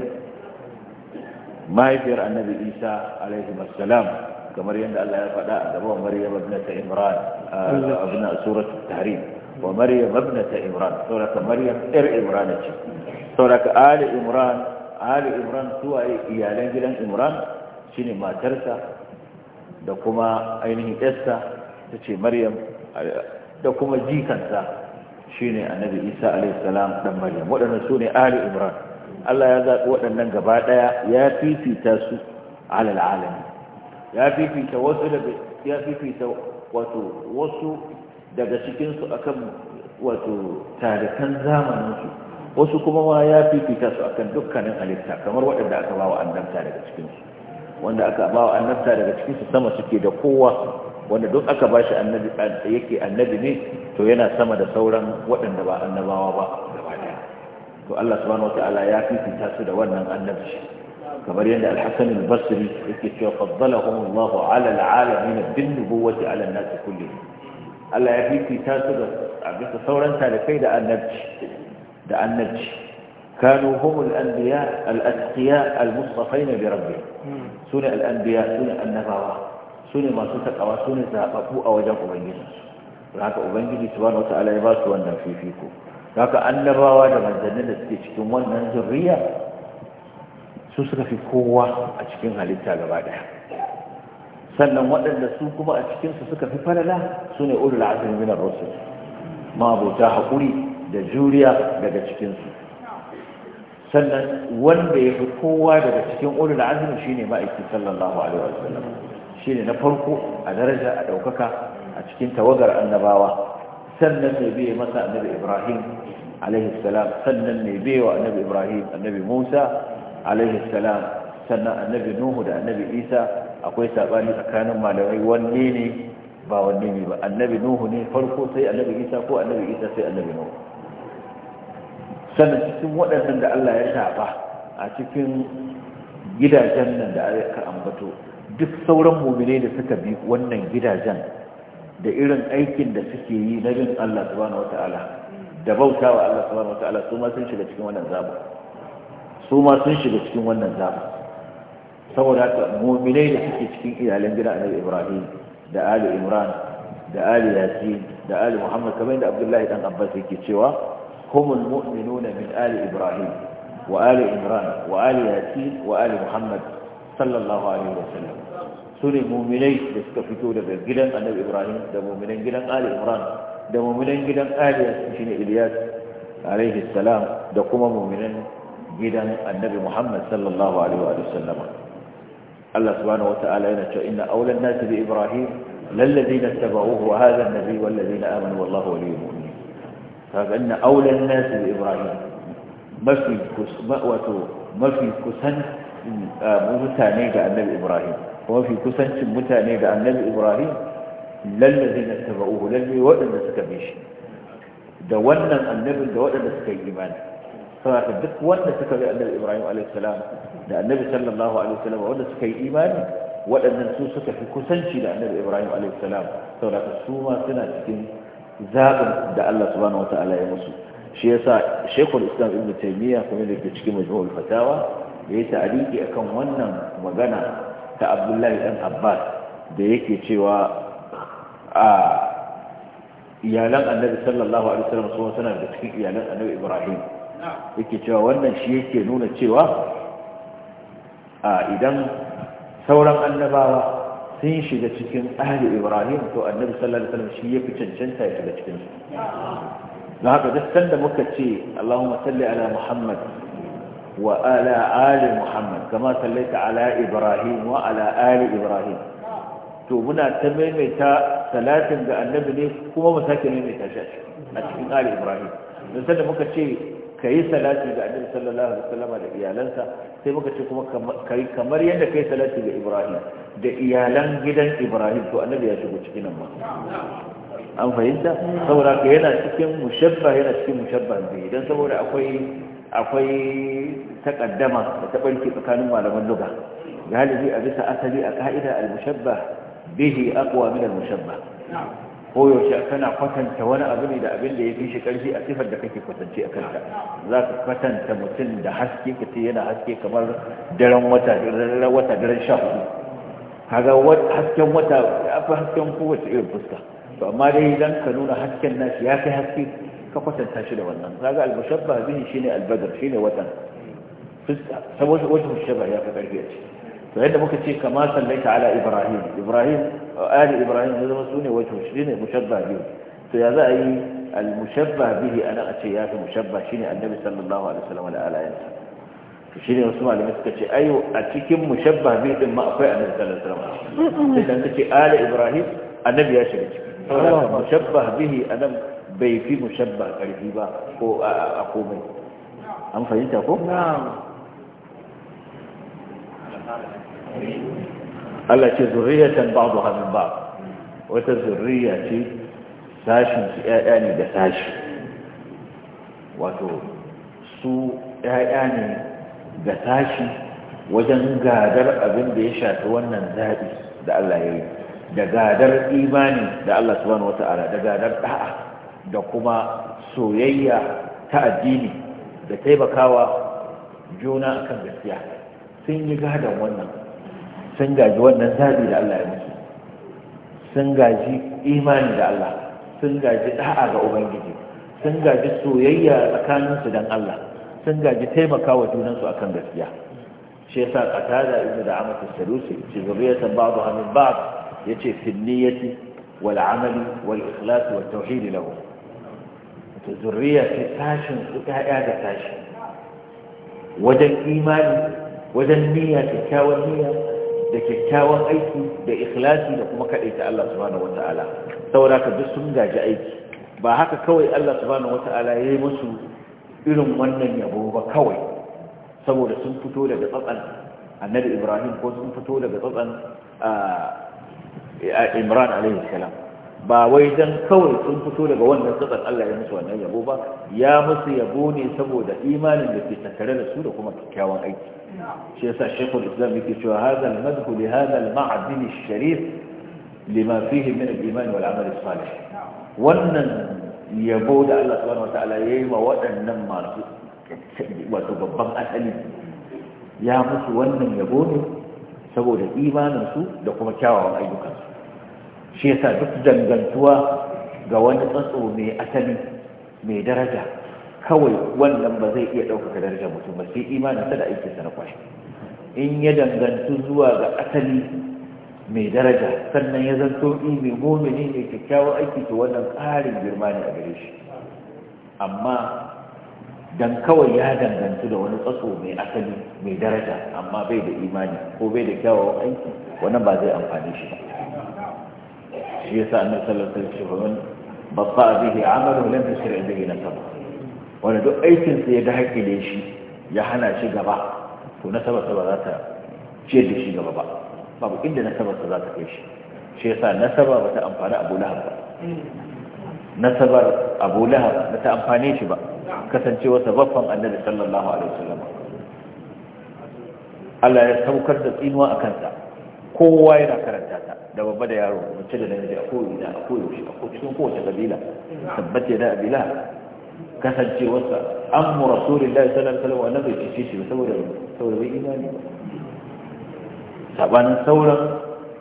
mahaifiyar annabi isa alaihi salam kamar yadda Allah ya faɗa a gaban Maryam ibn ta Imran ibn surat at-tahrim wa Maryam ibn ta Imran saboda Maryam ɗar Imran ce saboda ali Imran ali Imran suwaye iyalan gidan Imran shine matarsa da kuma ainihin Esther ta ce Maryam da kuma jikansa shine annabi Isa alaihi salam dan Maryam waɗannan sune ali Imran Allah ya zaɓi waɗannan gaba ɗaya ya fifita su alal alamin ya fifita wasu daga ya fifita wato wasu daga cikin su akan wato tarikan zamanin su wasu kuma ma ya fifita su akan dukkanin halitta kamar waɗanda aka bawa annabta daga cikin su wanda aka bawa annabta daga cikin su sama suke da kowa wanda duk aka bashi annabi yake annabi ne to yana sama da sauran waɗanda ba annabawa ba gaba ɗaya to Allah subhanahu wataala ya fifita su da wannan annabci kamar yadda alhassan al-basri yake cewa faddalahum Allah ala al-alamin bin Allah ya fiti ta su da abisa sauran ta da kai da annabci da annabci kanu hum hmm. al-anbiya al-atqiya al-mustafayna bi rabbih sunna al-anbiya sunna annabawa sunna masu takawa sunna a wajen ubangiji haka ubangiji subhanahu wata'ala ya ba su wannan fifiko haka annabawa da manzannin da ke cikin wannan zuriya su suka fi kowa a cikin halitta gaba daya sannan waɗanda su kuma a cikinsu suka fi falala su ne ulul azumi min ar-rusul ma da juriya daga su. sannan wanda ya fi kowa daga cikin ulul 'azmi shine ma'aiki sallallahu alaihi wasallam shine na farko a daraja a ɗaukaka a cikin tawagar annabawa sannan ne biye masa annabi ibrahim alaihi salam sannan ne biye wa annabi ibrahim annabi musa alaihi salam sannan annabi nuhu da annabi isa akwai sabani tsakanin malamai wanne ne ba wanne ne ba annabi nuhu ne farko sai annabi isa ko annabi isa sai annabi nuhu sannan cikin waɗannan da Allah ya shafa a cikin gidajen nan da aka ambato duk sauran mumine da suka bi wannan gidajen da irin aikin da suke yi na bin Allah subhanahu wataala da bautawa Allah subhanahu wataala su ma sun shiga cikin wannan zaba su ma sun shiga cikin wannan zama saboda haka mu'minai da suke cikin iyalan gida annabi Ibrahim da Ali Imran da Ali Yasin da Ali Muhammad kamar da Abdullahi dan Abbas yake cewa humul mu'minuna min Ali Ibrahim wa Ali Imran wa Ali Yasin wa Ali Muhammad sallallahu alaihi wasallam su ne mu'minai da suka fito daga gidan annabi Ibrahim da mu'minan gidan Ali Imran da mu'minan gidan Ali Yasin shine Ilyas alaihi salam da kuma mu'minan gidan annabi Muhammad sallallahu alaihi wa sallam Allah subhanahu wa ta'ala yana cewa inna an nasi bi Ibrahim lallazina tabauhu wa hadha an-nabi wal ladina amanu wallahu waliyul mu'minin kaga inna an nasi bi Ibrahim mafi kusma wato mafi kusan mutane ga annabi Ibrahim fi kusancin mutane ga annabi Ibrahim lallazina tabauhu lalle waɗanda suka bi shi da wannan annabin da wadanda suka yi imani saboda duk wanda suka bi annabi ibrahim a.s. da annabi sallallahu alaihi wanda suka yi imani waɗannan su suka fi kusanci da annabi ibrahim a.s. salam saboda su ma suna cikin zaɓin da Allah subhanahu wataala ya musu shi ya sa shekul islam ibn taymiya kuma da cikin majmu'ul fatawa ya yi ta'aliki akan wannan magana ta abdullahi dan abbas da yake cewa a iyalan annabi sallallahu alaihi wasallam suna da cikin iyalan annabi ibrahim yake cewa wannan shi yake nuna cewa a idan sauran annabawa sun shiga cikin ahli ibrahim to annabi sallallahu alaihi wasallam shi yafi cancanta ya shiga cikin Na haka duk sanda muka ce Allahumma salli ala Muhammad wa ala ali Muhammad kama sallaita ala Ibrahim wa ala ali Ibrahim to muna ta maimaita salatin ga annabi ne kuma mu sake maimaita shi a cikin ali Ibrahim don sanda muka ce ka yi salati ga annabi sallallahu alaihi wasallam da iyalansa sai muka ce kuma kai kamar yadda kai salati ga Ibrahim da iyalan gidan Ibrahim to annabi ya shigo cikin nan ma an fahimta saboda ka yana cikin mushabba yana cikin mushabban bi dan saboda akwai akwai takaddama da tabarki tsakanin malaman lugha galibi a bisa asali a ka'ida al-mushabba bihi aqwa min al-mushabba ko yaushe kana kwatanta wani abu ne da abin da ya fi shi karfi a sifar da kake kwatance a kanta za ka kwatanta mutum da haske ka ce yana haske kamar daren wata daren wata daren sha hudu kaga hasken wata ya fi hasken kowace irin fuska to amma dai idan ka nuna hasken nashi ya fi haske ka kwatanta shi da wannan kaga al-mushabba bihi shine al-badr shine watan fuska saboda wata mushabba ya fi karfi a ciki to yadda muka ce kama sallaita ala ibrahim ibrahim ali ibrahim ya zama sune wato ne mushabba bihi to ya za a yi al mushabba bihi ana a ce ya fi mushabba shine annabi sallallahu alaihi wasallam da alayansa to shine wasu malamai suka ce ayo a cikin mushabba bihi din ma akwai annabi sallallahu alaihi wasallam sai dan kace ali ibrahim annabi ya shiga ciki mushabba bihi anan bai fi mushabba karfi ba ko a komai an fahimta ko na'am Allah ce zurriyatan ba'du hannun ba wata zurriya ce sashin su yaya ne da sashi wato su yaya ne da sashi wajen gadar abin da ya shafi wannan zaɓi da Allah ya yi da gadar imani da Allah subhanahu wata'ala da gadar ɗa'a da kuma soyayya ta addini da taimakawa juna kan gaskiya sun yi gadon wannan sun gaji wannan zaɓi da Allah ya musu sun gaji imani da Allah sun gaji ɗa'a ga ubangiji sun gaji soyayya tsakaninsu don Allah sun gaji taimakawa junansu akan gaskiya shi yasa qatada ibnu da amatu salusi ce zuriyatan babu min ba'd yace fi niyyati wal amali wal ikhlas wat tauhid lahu to zuriya ce tashin su ƴaƴa da tashi wajen imani wajen niyya kyakkyawan niyya da kyakkyawan aiki da ikhlasi da kuma ta Allah subhanahu wata'ala saboda ka duk sun gaji aiki ba haka kawai Allah subhanahu wata'ala ya yi musu irin wannan yabo ba kawai saboda sun fito daga tsatsan annabi Ibrahim ko sun fito daga tsatsan ah, Imran alaihi salam ba wai dan kawai sun fito daga wannan tsatsan Allah ya musu wannan yabo ba ya musu yabo ne saboda imanin da ke tattare da su da kuma kyakkyawan aiki shi yasa shekul islam yake cewa hada almadhu li hada alma'din alsharif lima fihi min al wannan yabo da Allah subhanahu wataala yayi ma waɗannan masu wato babban asali ya musu wannan yabo ne saboda imanin su da kuma kyawawan ayyukansu Shiyasa duk dangantuwa ga wani tsatso mai asali mai daraja kawai wannan ba zai iya ɗaukaka darajar mutum ba sai imaninsa da aikinsa na kwashe in ya dangantu zuwa ga asali mai daraja sannan ya zanto mai momini mai kyakkyawar aiki to wannan ƙarin girma ne a gare shi amma dan kawai ya dangantu da wani tsaso mai asali mai daraja amma bai da imani ko bai da kyawawan aiki wannan ba zai amfani shi ba shi yasa annabi sallallahu alaihi wasallam babba bihi amalu lam yusri bihi nasaba wanda duk aikinsa ya ga haƙƙile shi ya hana shi gaba to nasabarsa ba za ta ce da shi gaba ba babu inda nasabarsa za ta kai shi shi yasa nasaba ba ta amfani abu lahab ba nasabar abu lahab ba ta amfani shi ba kasancewarsa babban annabi sallallahu alaihi wasallam Allah ya saukar da tsinuwa a kansa kowa yana karanta ta da babba da yaro mace da namiji a kowace a kowace a cikin kowace kabila tabbata da abila kasancewarsa an mu rasulullahi sallallahu alaihi wasallam wannan bai cece shi saboda saboda bai imani ba sabanin sauran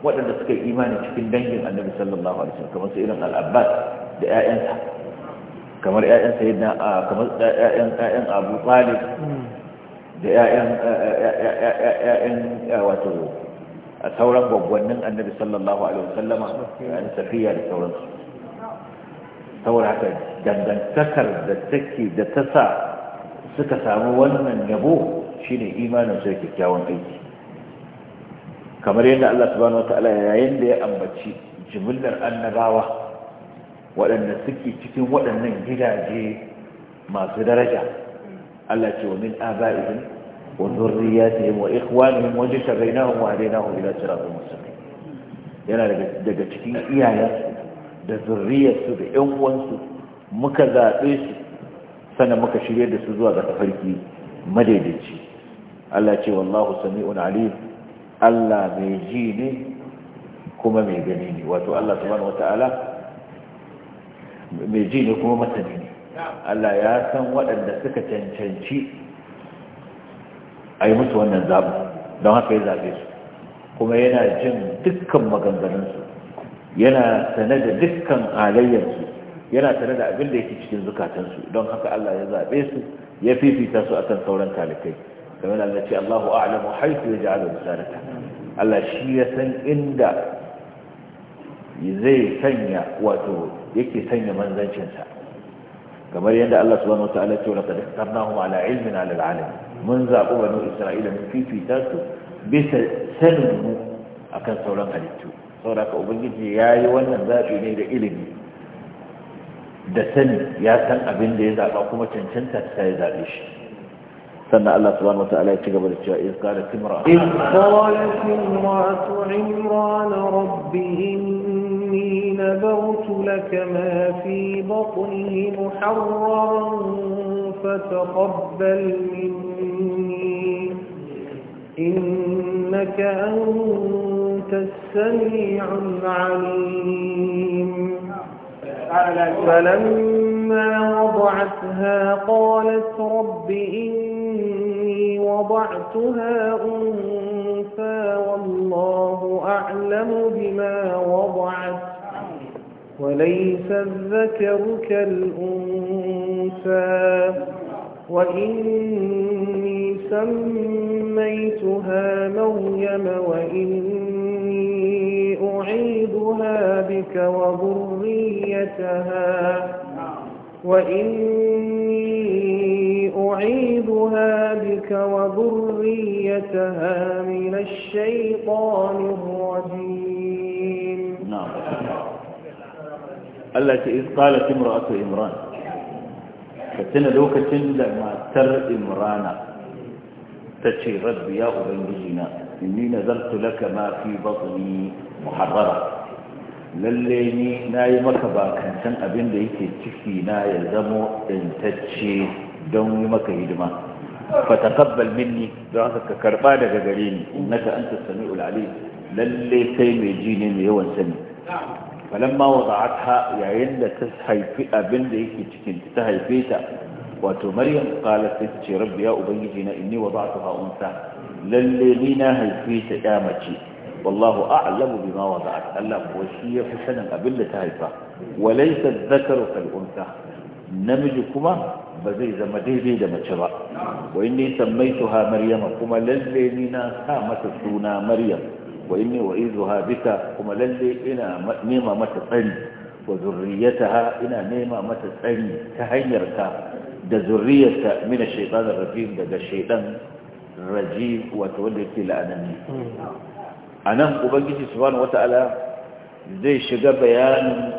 waɗanda suka yi imani cikin dangin annabi sallallahu alaihi wasallam kamar su irin al da ƴaƴansa kamar ƴaƴan sayyidina kamar ƴaƴan ƴaƴan abu talib da ƴaƴan ƴaƴan wato sauran gwaggwannin annabi sallallahu alaihi wasallama ƴaƴan safiya da sauransu saboda haka dangantakar da take da ta sa suka samu wannan yabo shine imanin su kyakkyawan aiki kamar yadda Allah subhanahu wataala yayin da ya ambaci jimillar annabawa waɗanda suke cikin waɗannan gidaje masu daraja Allah ce wa min aba'ihim وذرياتهم وإخوانهم وجس بينهم وهديناهم إلى صراط مستقيم yana daga cikin iyayen. da zurriyarsu da ‘yan uwansu muka zaɓe su sannan muka shirye da su zuwa ga tafarki madaidaici Allah ce wallahu sami'un alim Allah mai ji ne kuma mai gani ne wato Allah subhanahu wata'ala mai ji ne kuma masani ne Allah ya san waɗanda suka cancanci a yi musu wannan zaɓi don haka ya zaɓe su kuma yana jin dukkan maganganunsu yana sane da dukkan halayyarsu yana sane da abin da yake cikin zukatansu don haka Allah ya zaɓe su ya fifita su akan sauran talikai kamar da Allah ce Allahu a'lamu haythu yaj'alu risalata Allah shi ya san inda zai sanya wato yake sanya manzancinsa kamar yadda Allah subhanahu wataala ya ce laqad ikhtarnahum ala ilmin ala mun zaɓi banu isra'ila mun fifita su bisa sanin mu akan sauran halittu da ka ubangiji ya yi wannan zaɓi ne da ilimi da sani ya san abin da ya zaɓa kuma cancanta ta ya zaɓe shi sannan Allah su subhanahu wataala ya ci gaba da cewa in qala timra in qala timra imran rabbi inni nadartu laka ma fi batni muharraran fataqabbal minni إنك أنت السميع العليم فلما وضعتها قالت رب إني وضعتها أنثى والله أعلم بما وضعت وليس الذكر كالأنثى وإني سميتها مريم وإني أعيدها بك وذريتها وإني أعيدها بك وذريتها من الشيطان الرجيم نعم التي إذ قالت امرأة إمران فتنا لو تندى ما تر إمرانا تتشي رب يا أبنجينا إني نذرت لك ما في بطني محررة Lallai ni na yi maka bakancan abin da yake ciki na ya zamo intacce don yi maka hidima fatakabbal minni don ka karɓa daga gare ni innaka anta sami'ul alim Lallai sai mai jini ne mai yawan sani falamma wada'atha yayin da ta haifi abin da yake cikin ta haife ta wato maryam qalat sai ce rabbi ya ubangiji na inni wada'tuha unsa lalle ni na haife ta ya mace wallahu a'lamu bima wada'at Allah ko shi ya fi sanin abin da ta haifa walaysa adh-dhakaru kal unsa namiji kuma ba zai zama daidai da mace ba wa inni sammaytuha maryama kuma lalle ni na sa mata suna maryam wa inni wa'izuha bika kuma lalle ina nema mata tsari wa zurriyataha ina nema mata tsari ta hanyar ka ده ذرية من الشيطان الرجيم ده, ده الشيطان الرجيم وتولد في أنمي أنا أبقيت سبحانه وتعالى زي شجا بيان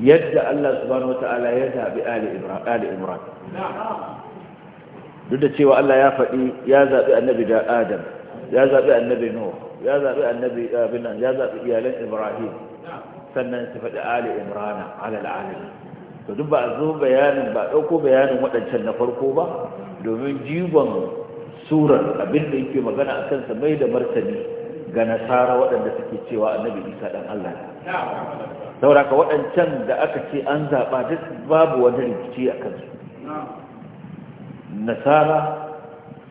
يدعى الله سبحانه وتعالى يدعى بآل إبراهيم آل إبراهيم دودة سوى الله يا فقي يا ذا بأنبي جاء آدم يا ذا بأنبي نوح يا ذا بأنبي آبنان آه، يا ذا بإيالين إبراهيم سنة سفد آل إبراهيم على العالمين to duk ba a zo bayanin ba ɗauko bayanin waɗancan na farko ba domin jigon surar abin da yake magana a kansa mai da martani ga nasara waɗanda suke cewa annabi isa ɗan allah ne saboda ka waɗancan da aka ce an zaɓa duk babu wani rikici a kansu nasara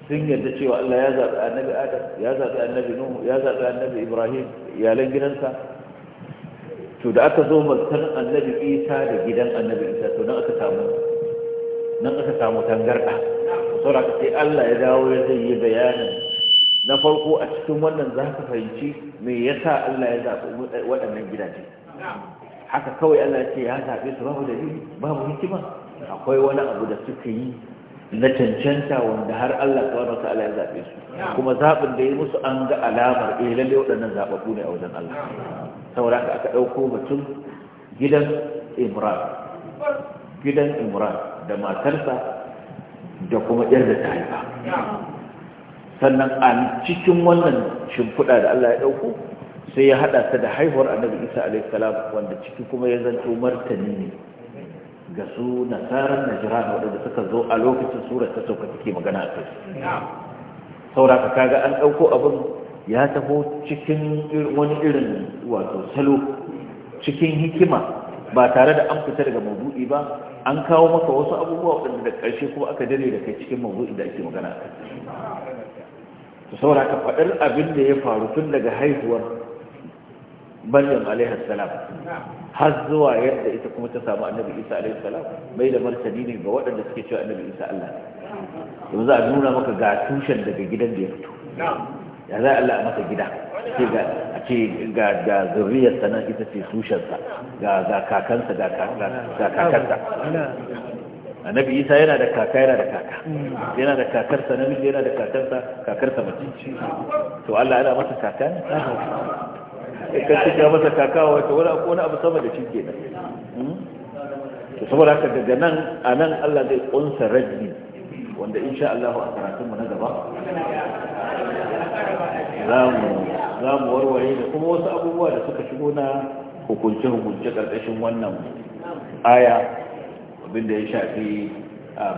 sun yarda cewa Allah ya zaɓi annabi Adam ya zaɓi annabi Nuhu ya zaɓi annabi Ibrahim iyalan gidansa to da aka zo mulkan annabi isa da gidan annabi isa to nan aka samu nan aka samu tangarda sau da sai Allah ya dawo ya zai yi bayanin na farko a cikin wannan za ka fahimci me yasa Allah ya zaɓi waɗannan gidaje haka kawai Allah ya ce ya zaɓe su babu dalili babu hikima akwai wani abu da suka yi na cancanta wanda har Allah ta wa Allah ya zaɓe su kuma zaɓin da ya musu an ga alamar eh lalle waɗannan zaɓaɓɓu ne a wajen Allah saboda haka aka ɗauko mutum gidan imran gidan imran da matarsa da kuma yar da ta haifa sannan a cikin wannan shimfiɗa da Allah ya ɗauko sai ya haɗa ta da haihuwar annabi isa alaihissalam wanda ciki kuma ya zanto martani ne ga su nasarar najira waɗanda suka zo a lokacin surar ta sauka take magana a kai ka kaga an ɗauko abin ya taho cikin wani irin wato salo cikin hikima ba tare da an fita daga maudu'i ba an kawo maka wasu abubuwa waɗanda da ƙarshe kuma aka dare da kai cikin maudu'in da ake magana ta saura ka faɗar abin da ya faru tun daga haihuwar maryam alaihi salam har zuwa yadda ita kuma ta samu annabi isa alaihi salam bai da martani ne ga waɗanda suke cewa annabi isa allah yanzu a nuna maka ga tushen daga gidan da ya fito ya za Allah a masa gida ce ga ce ga da zuriyar sanan ita ce tushensa ga ga kakansa ga ga kakansa annabi isa yana da kaka yana da kaka yana da kakarsa namiji yana da kakarsa kakarsa mace to Allah yana masa kaka ne kan cika masa kaka wata wani wani abu sama da shi ne hmm? to saboda haka daga nan a nan Allah zai kunsa rajmi wanda insha Allah a karatun mu na gaba za mu warware da kuma wasu abubuwa da suka shigo na hukunce-hukunce ƙarƙashin wannan aya abinda ya shafi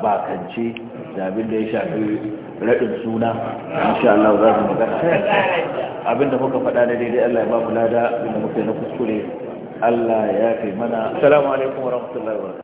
bakance da abinda ya shafi raɗin suna insha Allah za mu magana abinda muka faɗa na daidai Allah ya ba mu lada abinda muka yi na kuskure Allah ya kai mana assalamu alaikum warahmatullahi wabarakatuh